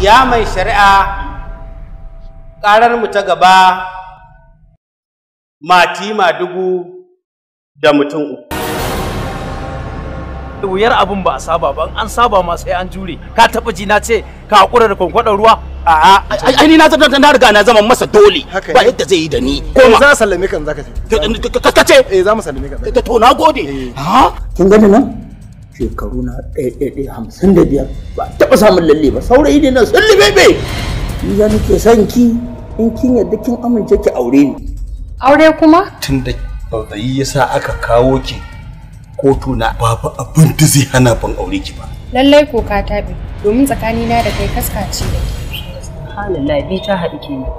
ya mai shari'a ƙarar mu ta gaba matima dubu da mutum uku wuyar abin ba a saba ba an saba ma sai an jure ka taɓa ji na ce ka haƙura da kwankwaɗar ruwa a'a ai ni na zama na riga na zama masa dole ba yadda zai yi da ni koma za sallame kan zaka ce ka ce eh za mu sallame kan to na gode eh. ha kin gani nan shekaru na ɗaya hamsin da biyar ba taɓa samun lalle ba saurayi ne na sun libebe ni za nake san ki in kin yadda kin amince ki aure ni aure kuma tun da babayi yasa aka kawo ki kotu na babu abin da zai hana ban aure ki ba lallai ko ka taɓe domin tsakani na da kai kaska ce da ke subhanallah bi ta haɗu kenan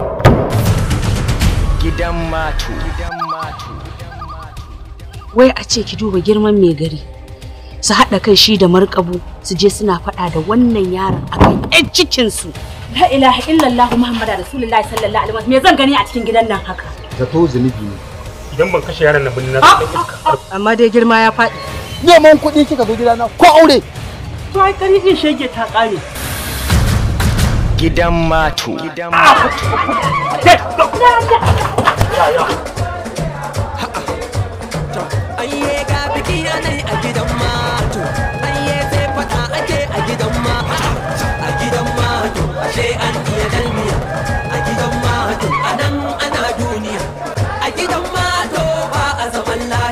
gidan mato wai a ce ki duba girman mai gari su haɗa kai shi da markabu su je suna faɗa da wannan yaron akan ƴan cikinsu. su la ilaha illallah muhammadu rasulullahi sallallahu alaihi wasallam me zan gani a cikin gidan nan haka zato zunubi ne idan ban kashe yaron nan ba na ah, ah, ah. amma dai girma ya faɗi neman kuɗi kika zo gidana ko aure to ai kari din shege ta ƙare gidan mato gidan mato